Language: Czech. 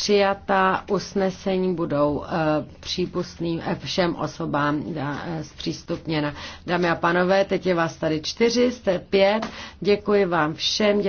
přijatá usnesení budou eh, přípustným eh, všem osobám eh, zpřístupněna. Dámy a panové, teď je vás tady čtyři, jste pět. Děkuji vám všem. Děkuji